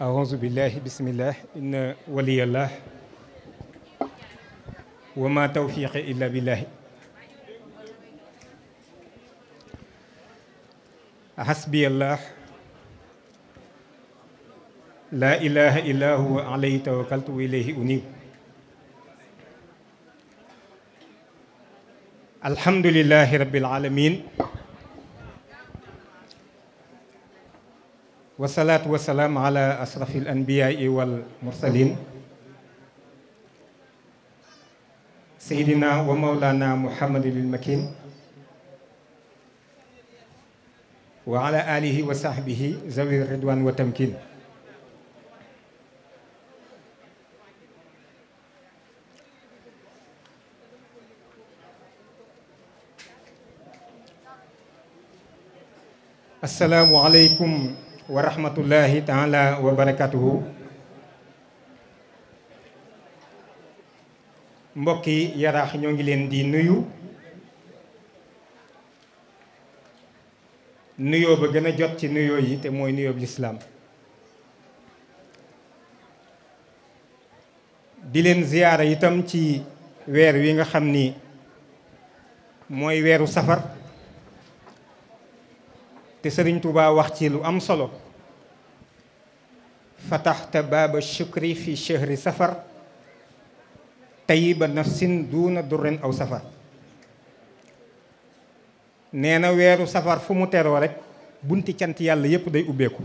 أعوذ بالله بسم الله إن ولي الله وما توفيق إلا بالله حسبي الله لا إله إلا هو عليه توكلت وإليه أنيب الحمد لله رب العالمين wasalaatu wasalaam ala asrafi al anbiyaai wal mursalin seydina wa mawlana muhammadin il makin wa ala alihi wa sahbihi zawi ridwan wa tamkin asalaamu aleykum wa rahmatullahi taala wa barakatuhu mbokki yaraax ñoo ngi leen di nuyu nuyoo ba gën a jot ci nuyoo yi te mooy nuyoo bi lislaam di leen ziyaara itam ci weer wi nga xam ni mooy weeru safar sëriñ Touba wax ci lu am solo fataxta baaba shukri fi shahri safar tayiba nafsin duuna durrin aw safar nee na weeru safar fu mu teroo rek bunti cant yàlla yépp day ubbeeku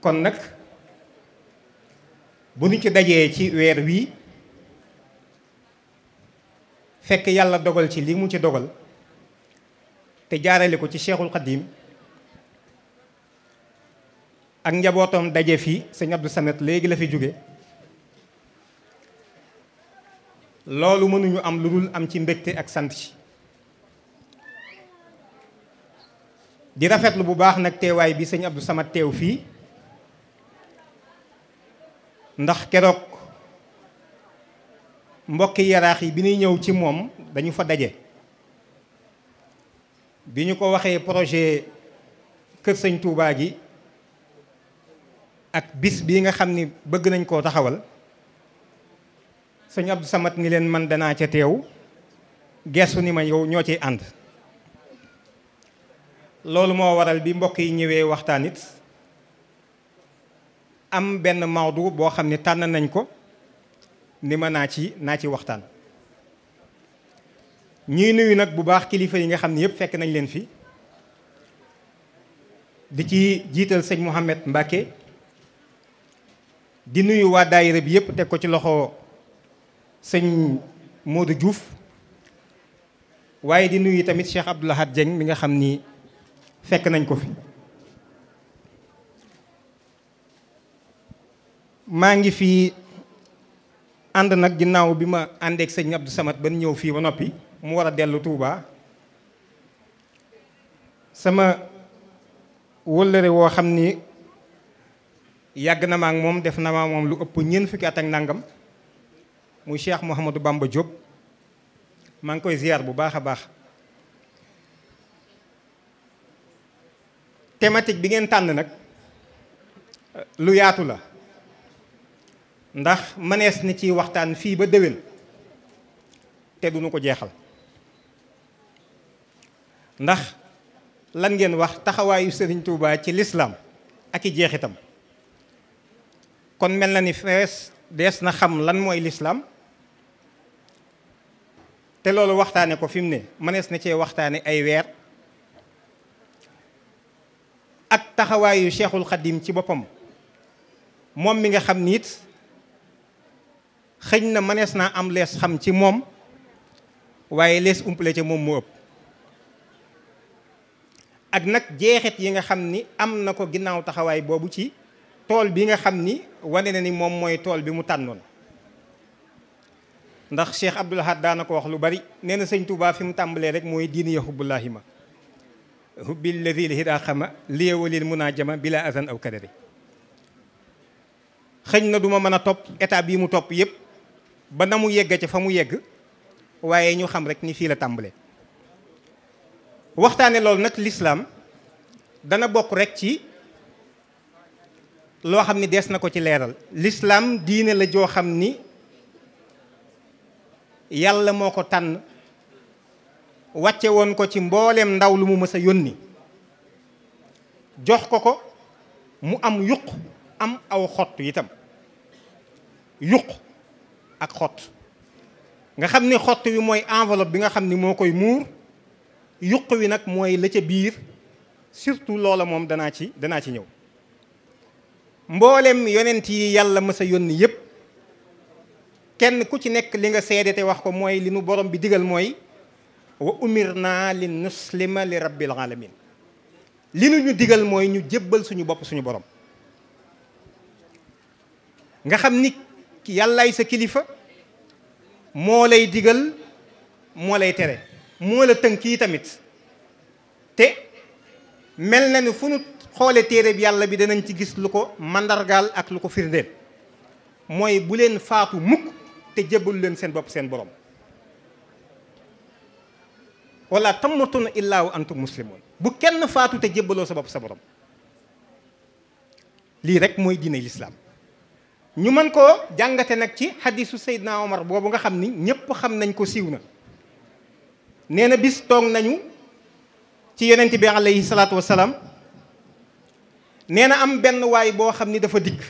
kon nag bu ñu ci dajee ci weer wii fekk yàlla dogal ci li mu ci dogal te jaarale ko ci cheikhul xadim ak njabootam daje fii sëñ Abdou Samet léegi la fi jóge loolu mënuñu am lu dul am ci mbégte ak sant ci di rafetlu bu baax nag teewaay bi sëñ Abdou Samat teew fii ndax keroog mbokki yaraax yi bi ñuy ñëw ci moom dañu fa daje bi ñu ko waxee projet Kër Sëñ Touba gi ak bis bi nga xam ni bëgg nañ koo taxawal sëñ Abdou Samad ni leen man danaa ca teew geesu ni ma yow ñoo ciy ànd loolu moo waral bi mbokk yi ñëwee waxtaan it am benn mawdu boo xam ne tànn nañ ko ni ma naa ci naa ci waxtaan ñuy nuyu nag bu baax kilifa yi nga xam ne yëpp fekk nañ leen fi di ci jiital sëñ Mouhamed Mbacke di nuyu waa daayira bi yëpp teg ko ci loxo sëñ Modou Diouf waaye di nuyu tamit Cheikh Abdou Lahad mi nga xam ni fekk nañ ko fi maa ngi fi ànd nag ginnaaw bi ma àndeek sëñ Abdou Samad ban ñëw fii ba noppi mu war a dellu Touba sama wëllëre woo xam ni yàgg na ma ak moom def na ma moom lu ëpp ñeent fukki at ak nangam muy Cheikh Mouhamadou Bamba jóg maa ngi koy ziar bu baax a baax. thématique bi ngeen tànn nag lu yaatu la ndax mënees na ciy waxtaan fii ba déwén te duñu ko jeexal. ndax lan ngeen wax taxawaayu sëriñ Touba ci lislaam ak i jeexitam kon mel na ni fees dees na xam lan mooy lislaam te loolu waxtaane ko fi mu ne mënees na cee waxtaane ay weer ak taxawaayu cheikhul xadim ci boppam moom mi nga xam nit xëñ na mënees naa am lees xam ci moom waaye lees umpale ca moom mu ëpp ak nag jeexit yi nga xam ni am na ko ginnaaw taxawaay boobu ci tool bi nga xam ni wane na ni moom mooy tool bi mu tànnoon ndax Cheikh Abdoul Ahad daana ko wax lu bari nee na sëñ Touba fi mu tàmbalee rek mooy diini ya xubbullaahi ma hubbi ladi li hidaa xama liya walil munaajama bila azan aw kadari xëñ na duma mën a topp étape yi mu topp yépp ba na mu yegg ca fa mu yegg waaye ñu xam rek ni fii la tàmbalee waxtaane loolu nag lislaam dana bokk rekk ci loo xam ni dees na ko ci leeral lislaam diine la joo xam ni yàlla moo ko tànn wàcce woon ko ci mbooleem ndaw lu mu mës a yónni jox ko ko mu am yuq am aw xott itam yuq ak xott nga xam ni xott wi mooy enveloppe bi nga xam ni moo koy muur yuq wi nag mooy la ca biir surtout loola moom danaa ci danaa ci ñëw mboolem yonent yi yàlla mës a yónni yépp kenn ku ci nekk li nga seede te wax ko mooy li nu borom bi digal mooy wa umir naa li nuslima li rabbil alamin li nu ñu digal mooy ñu jébbal suñu bopp suñu borom nga xam ni yàllaay sa kilifa moo lay digal moo lay tere moo la tënk yi tamit te mel na ni fu nu xoole téere bi yàlla bi danañ ci gis lu ko mandargaal ak lu ko firndeel mooy bu leen faatu mukk te jébbalu leen seen bopp seen borom wala tammatuna illaa wa antum muslimun bu kenn faatu te jébbaloo sa bopp sa borom lii rek mooy diine lislaam ñu mën koo jàngate nag ci xadisu Seydina Omar boobu nga xam ni ñépp xam nañ ko siiw na nee na bis toog nañu ci yenent bi alayhi salaatu wasalaam nee na am benn waay boo xam ni dafa dikk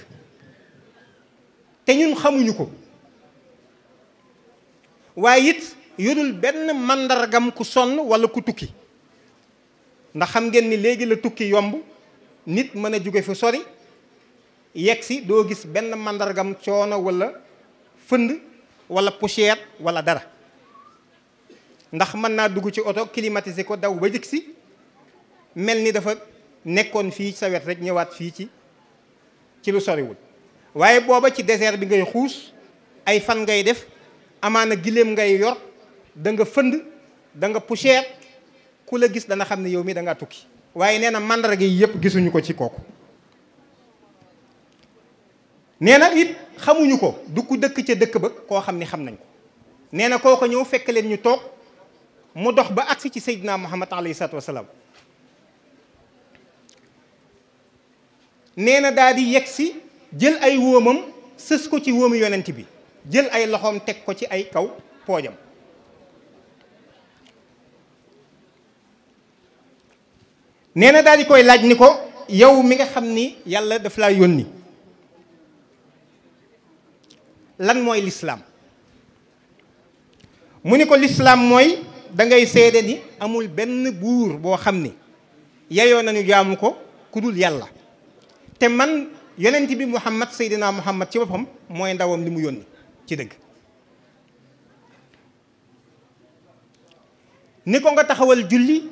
te ñun xamuñu ko waaye it yorul benn màndargam ku sonn walla ku tukki ndax xam ngeen ni léegi la tukki yomb nit mën a jóge fu sori yegg si doo gis benn màndargam coono walla fënd walla poussière walla dara ndax mën naa dugg ci oto climatiser ko daw ba jëkk si mel ni dafa nekkoon fii sa wet rek ñëwaat fii ci ci lu soriwul waaye booba ci désert bi ngay xuus ay fan ngay def amaana giléem ngay yor danga fënd da nga ku la gis dana xam ne yow mi danga tukki waaye nee na mandarga yi yëpp gisuñu ko ci kooku nee na it xamuñu ko du ku dëkk ca dëkk ba koo xam ni xam nañ ko nee na kooko ñëw fekk leen ñu toog mu dox ba agsi ci seydina muhammad alayhi salaatu wasalaam nee na daa di yegg si jël ay wóomam sës ko ci wóomu yonent bi jël ay loxoom teg ko ci ay kaw poojam nee na daal di koy laaj ni ko yow mi nga xam ni yàlla daf laa yónni lan mooy lislaam mu ni ko lislaam mooy da ngay seede ni amul benn buur boo xam ni yeyoo nañu jaamu ko ku dul yàlla te man yonent bi muhammad seydinaa muhammad ci boppam mooy ndawam li mu yónni ci dëgg ni ko nga taxawal julli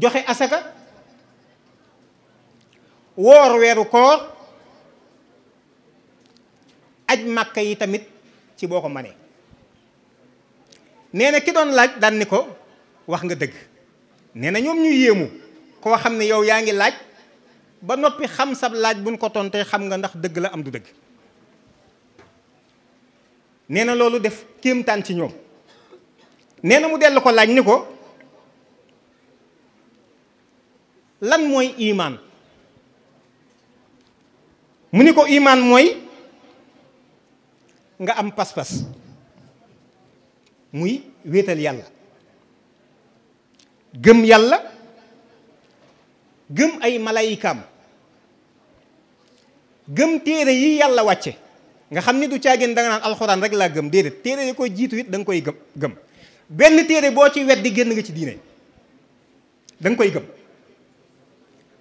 joxe asaka woor weeru koor aj màkka yi tamit ci boo ko manee nee na ki doon laaj daan ni ko wax nga dëgg nee na ñoom ñuy yéemu koo xam ne yow yaa ngi laaj ba noppi xam sab laaj buñ ko tontee xam nga ndax dëgg la am du dëgg nee na loolu def kéemtaan ci ñoom nee na mu dellu ko laaj ni ko lan mooy imaan mu ni ko imaan mooy nga am pas-pas muy wéetal yàlla gëm yàlla gëm ay malayikaam gëm téere yi yàlla wàcce nga xam ni du caageen da nga naan alxuraan rek laa gëm déedéet téere yi koy jiitu it da koy gëm gëm benn téere boo ci wet di génn nga ci diine da nga koy gëm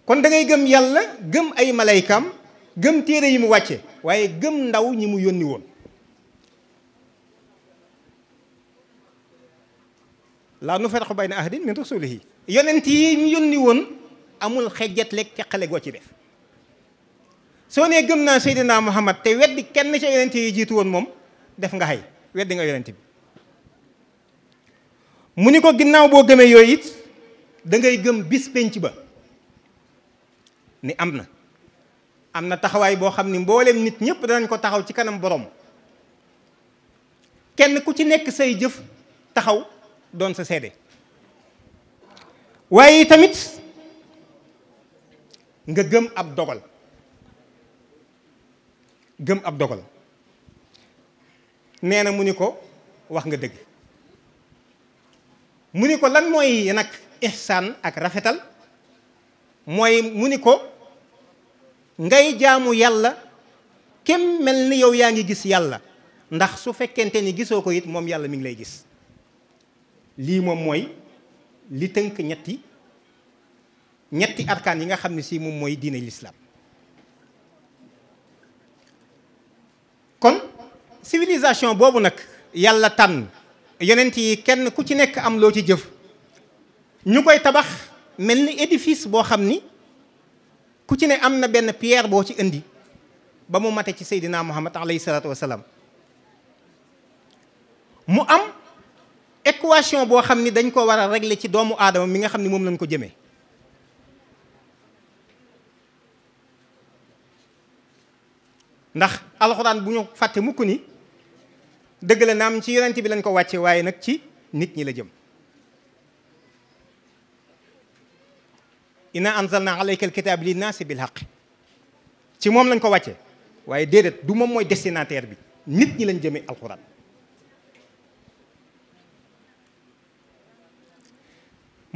kon dangay gëm yàlla gëm ay malaykaam gëm téere yi mu wàcce waaye gëm ndaw ñi mu yónni woon laa nu faraqu bayna ahadin min rasulihi yonent yi ñu yónni woon amul xejjat leeg teqale goo ci def soo nee gëm naa Seydina Muhammad te weddi kenn ca yonent yi jiitu woon moom def nga xay weddi nga yonent bi mu ni ko ginnaaw boo gëmee yooyu it da ngay gëm bis penc ba ni am na am na taxawaay boo xam ni mbooleem nit ñëpp danañ ko taxaw ci kanam boroom kenn ku ci nekk say jëf taxaw doon sa seede waaye tamit nga gëm ab dogal gëm ab dogal nee na mu ni ko wax nga dëgg mu ni ko lan mooy nag ihsaan ak rafetal mooy mu ni ko ngay jaamu yàlla kem mel ni yow yaa ngi gis yàlla ndax su fekkente ni gisoo ko it moom yàlla mi ngi lay gis lii moom mooy li tënk ñetti ñetti arkaan yi nga xam ne si moom mooy diine lislaam kon civilisation boobu nag yàlla tànn yonent yi kenn ku ci nekk am loo ci jëf ñu koy tabax mel ni édifice boo xam ni ku ci ne am na benn pierre boo ci indi ba mu mate ci seydinaa muhammad alayhi salaatu wasalaam mu am équation boo xam ni dañ ko waral a régler ci doomu aadama mi nga xam ni moom lañ ko jëmee ndax alxuraan bu ñu fàtte mukk ni dëgg la naam ci yonent bi lañ ko wàcce waaye nag ci nit ñi la jëm inna anzalna alayka alkitaab linnaasi bilhaq ci moom lañ ko wàcce waaye déedéet du moom mooy destinataire bi nit ñi lañ jëmee alxuraan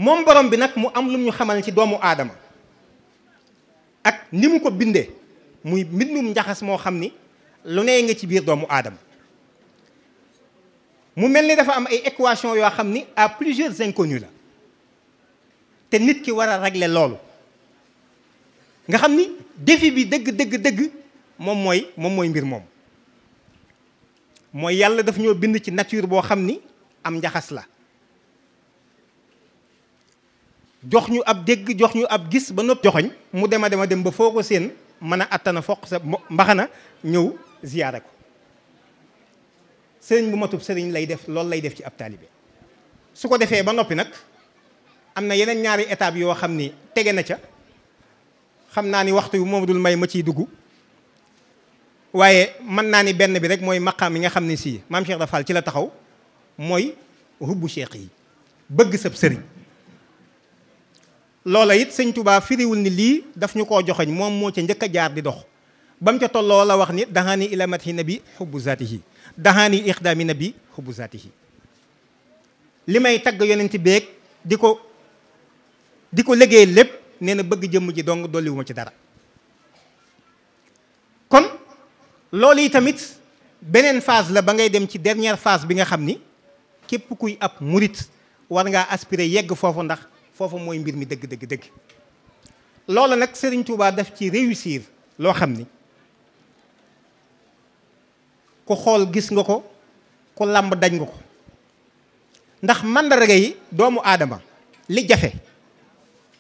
moom borom bi nag mu am lu ñu xamal ci doomu aadama ak ni mu ko bindee muy mbindum njaxas moo xam ni lu nee nga ci biir doomu aadama mu mel ni dafa am ay équation yoo xam ni à plusieurs inconnus la te nit ki war a régler loolu nga xam ni défi bi dëgg dëgg dëgg moom mooy moom mooy mbir moom mooy yàlla daf ñoo bind ci nature boo xam ni am njaxas la jox ñu ab dégg jox ñu ab gis ba nopp joxoñ mu dema dema dem ba foo ko seen mën a attana foq sa mbaxana ñëw ziyaara ko sëriñ bu matub sëriñ lay def loolu lay def ci ab taalibe su ko defee ba noppi nag am na yeneen ñaari étape yoo xam ni tege na ca xam naa ni waxtu yu moom dul may ma ciy dugg waaye mën naa ni benn bi rek mooy maqaam yi nga xam ne sii maam Cheikh Ibra ci la taxaw mooy hubbu cheikh yi bëgg sab sëriñ loola it sëñ tubaa firiwul ni lii daf ñu koo joxeñ moom moo ca njëkk jaar di dox ba ca tolloo la wax ni daxaani ilamat yi na bi xubbu zaatihi daxaani ixdaami na bi xubbu zaatihi li may tagg yonent beeg di ko di ko liggéey lépp nee na bëgg jëmm ji dong dolliwuma ci dara kon loolu yi tamit beneen phase la ba ngay dem ci dernière phase bi nga xam ni képp kuy ab murit war ngaa aspirer yegg foofu ndax foofu mooy mbir mi dëgg dëgg dëgg loolu nag sëriñ tuubaa def ci réussir loo xam ni ku xool gis nga ko ku làmb dañ nga ko ndax màndarga yi doomu aadama li jafe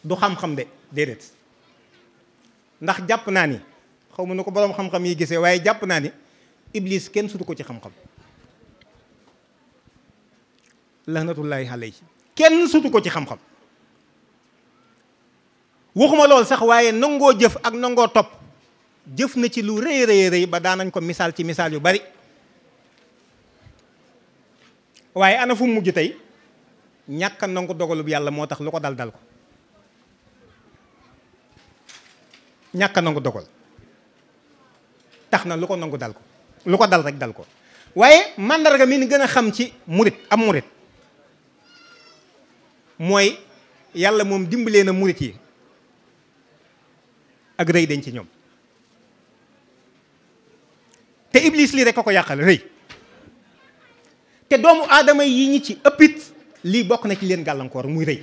du xam-xam de déedéet ndax jàpp naa ni xaw ma nu ko boroom xam-xam yi gisee waaye jàpp naa ni ibliis kenn sutu ko ci xam-xam lahnatullaahi kenn sutu ko ci xam-xam waxuma lool sax waaye nangoo jëf ak nangoo topp jëf na ci lu rëy rëy rëy ba daanañ ko misaal ci misaal yu bari waaye ana fu mujj tey ñàkk nangu dogalub yàlla moo tax lu ko dal dal ko ñàkk nangu dogal tax na lu ko nangu dal ko lu ko dal rek dal ko waaye màndarga mi ni gën a xam ci murit am murit mooy yàlla moom dimbalee na murit yi ak rëy dañ ci ñoom te iblis lii rek a ko yàqal rëy te doomu aadama yi ñi ci ëppit lii bokk na ci leen gàllankoor muy rëy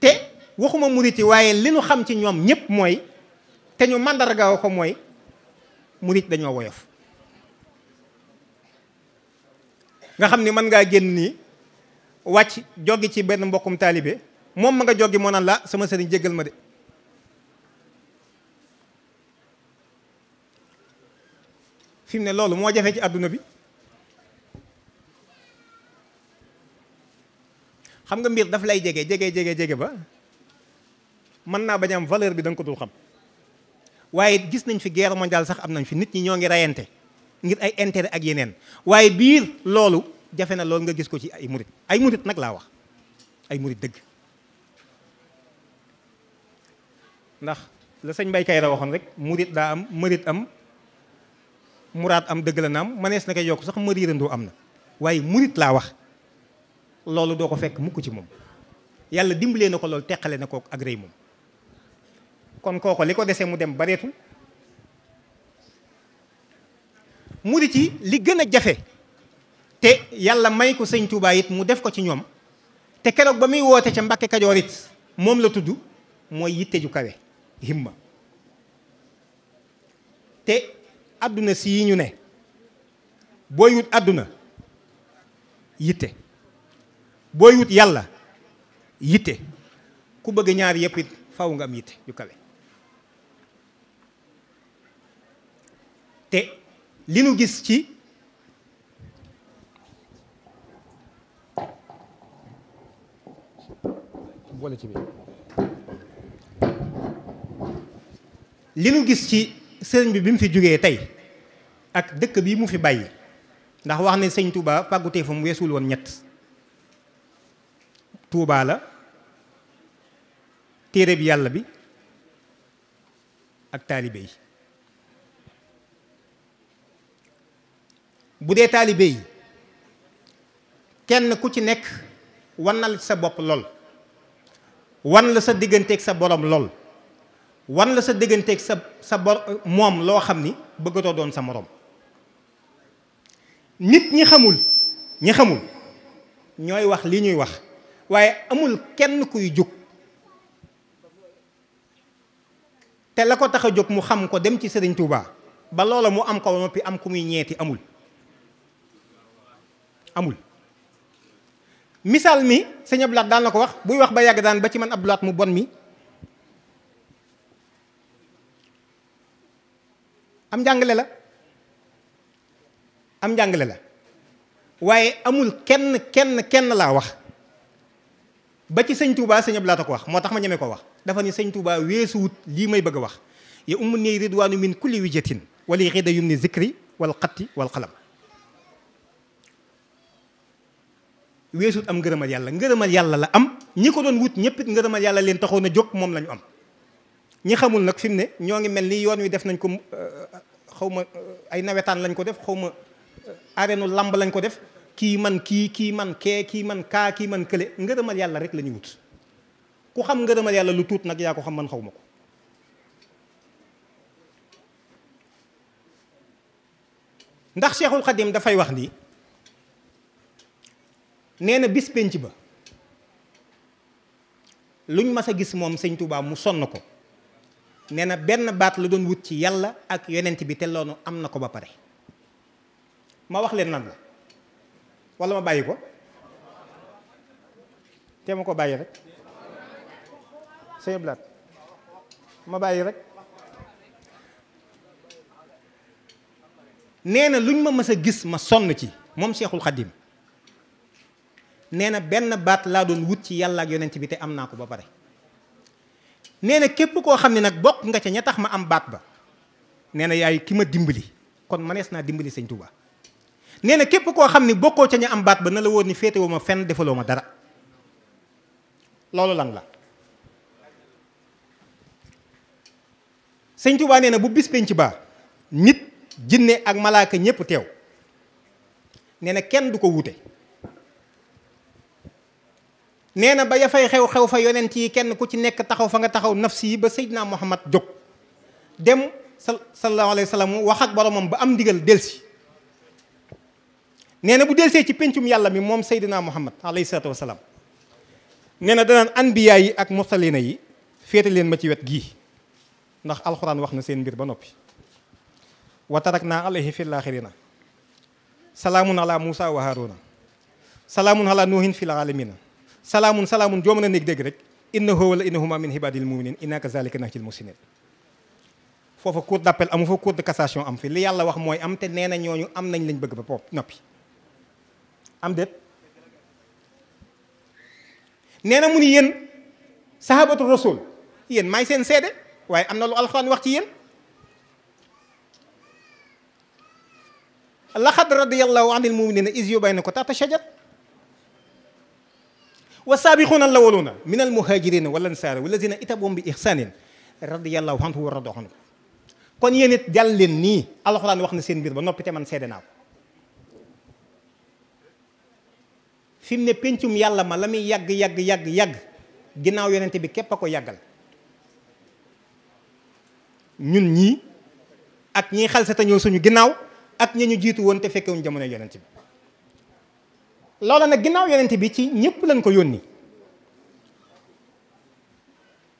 te waxuma murit waaye li nu xam ci ñoom ñëpp mooy te ñu màndarga ko mooy murit dañoo woyof nga xam ni mën ngaa génn ni wàcc joggi ci benn mbokkum taalibe moom ma nga joggi moo naan la sama sëriñ jéggal ma de fi mu ne loolu moo jafe ci àdduna bi xam nga mbir daf lay jege jege jege jege ba mën naa bañ am valeur bi da ko dul xam waaye gis nañ fi guerre mondiale sax am nañ fi nit ñi ñoo ngi reyante ngir ay intérêt ak yeneen waaye biir loolu jafe na lool nga gis ko ci ay murit ay murit nag laa wax ay murit dëgg ndax la sëñ Mbay Kayra waxoon rek murit daa am mërit am muraat am dëgg la naam mënees na koy yokk sax mëriirandoo am na waaye murit laa wax loolu doo ko fekk mukk ci moom yàlla dimbalee na ko loolu teqale na ko ak rëy moom kon kooko li ko desee mu dem bareetul murit yi li gën a jafe te yàlla may ko sëñ Tuubaa it mu def ko ci ñoom te keroog ba muy woote ca Mbàkke Kajoor it moom la tudd mooy yitte ju kawe himma te àdduna si yi ñu ne booy wut àdduna yitte booy wut yàlla yitte ku bëgg ñaar yëpp it faw nga am yitte te li nu gis ci li nu gis ci sëriñ bi bi mu fi jógee tey ak dëkk bi mu fi bàyyi ndax wax ne sëñ Touba fàggutee fa mu weesul woon ñett Touba la téere bi yàlla bi ak taalibe yi bu dee taalibe yi kenn ku ci nekk wan sa bopp lool wan sa digganteek sa boroom lool wan la sa digganteek sa sa bor moom loo xam ni bëggatoo doon sa moroom nit ñi xamul ñi xamul ñooy wax li ñuy wax waaye amul kenn kuy jóg te la ko tax a jóg mu xam ko dem ci Sëriñ Tuubaa ba loola mu am ko noppi am ku muy ñeeti amul amul misaal mi sëñ Abdoulaat daan na ko wax buy wax ba yàgg daan ba ci man Abdoulaat mu bon mi am njàngale la am njàngale la waaye amul kenn kenn kenn laa wax ba ci sëñ Touba sëñ Abdou Lahad ko wax moo tax ma ñeme ko wax dafa ni sëñ Touba weesuwut lii may bëgg a wax ya umu nii ridwaanu min kulli wijatin wali xida yum ni zikri wal xatti wal xalam weesut am ngërëmal yàlla ngërëmal yàlla la am ñi ko doon wut ñëpp it ngërëmal yàlla leen taxoon a jóg moom la ñu am ñi xamul nag fi mu ne ñoo ngi mel ni yoon wi def nañ ko euh, xaw ma euh, ay nawetaan lañ ko def xaw ma euh, areenu làmb lañ ko def kii man kii kii man kee kii man kaa kii man kële ngërëmal yàlla rek la ñu wut ku xam ngërëmal yàlla lu tuut nag yaa ko xam man xaw ma ko ndax Cheikhul Khadim dafay wax nii nee na bis pénc ba luñ mas a gis moom sëñ Touba mu sonn ko nee na benn baat la doon wut ci yàlla ak yonent bi te loonu am na ko ba pare ma wax leen nan ma bàyyi ko ma ko bàyyi rek sëñ ma bàyyi rek nee na luñ ma mës a gis ma sonn ci moom Seexul Xadim nee na benn baat laa doon wut ci yàlla ak yonent bi te am naa ko ba pare nee na képp koo xam ne nag bokk nga ca ña tax ma am baat ba nee na yaay ki ma dimbali kon manees naa dimbali sañ Touba nee na képp koo xam ne bokkoo ca ña am baat ba na la woon ni féetewoo ma fenn defaloo ma dara loolu lan la sëñ Touba nee na bu bis penc ba nit jinne ak malaaka ñépp teew nee kenn du ko wuute nee na ba ya fay xew-xew fa yonent yi kenn ku ci nekk taxaw fa nga taxaw nafsi yi ba Seydina Muhammad jóg dem sallallahu alayhi wa sallam wax ak boromam ba am ndigal delsi nee na bu delsee ci pencum yàlla mi moom Seydina Muhammad alayhi salaatu wa salaam nee na danaan yi ak mursalina yi féete leen ma ci wet gii ndax alxuraan wax na seen mbir ba noppi wa tarakna alayhi fil axirina salaamun ala Muusa wa Haaruna salaamun ala nuuhin fil alamina salaamun salaamun joo mën a néeg dégg rek innahu wala innahuma min ibadil muminin inna kazalika nahjil muhsinin foofa cour d'appel amu fa cour de cassation am fi li yàlla wax mooy am te nee na ñooñu am nañ lañ bëgg ba pop noppi am déet nee na mu ni yéen sahabatu rasul yéen seen seede waaye am na lu alxuraan wax ci yéen laqad radiyallahu anil muminina is yubaynako taxta shajar wa saabiquuna na awwaluuna min al-muhaajiriina wal ansaari wallaziina ittaba'uuhum bi ihsaanin radiyallaahu anhum wa radu anhu kon yéen it jàll leen nii alxuraan wax na seen mbir ba noppi te man seede naa ko fi mu ne pencum yàlla ma la muy yàgg yàgg yàgg yàgg ginnaaw yonent bi képp a ko yàggal ñun ñii ak ñiy xalsata ñëw suñu ginnaaw ak ña ñu jiitu woon te fekkewuñ jamono yonent bi loola na ginnaaw yonent bi ci ñëpp lañ ko yónni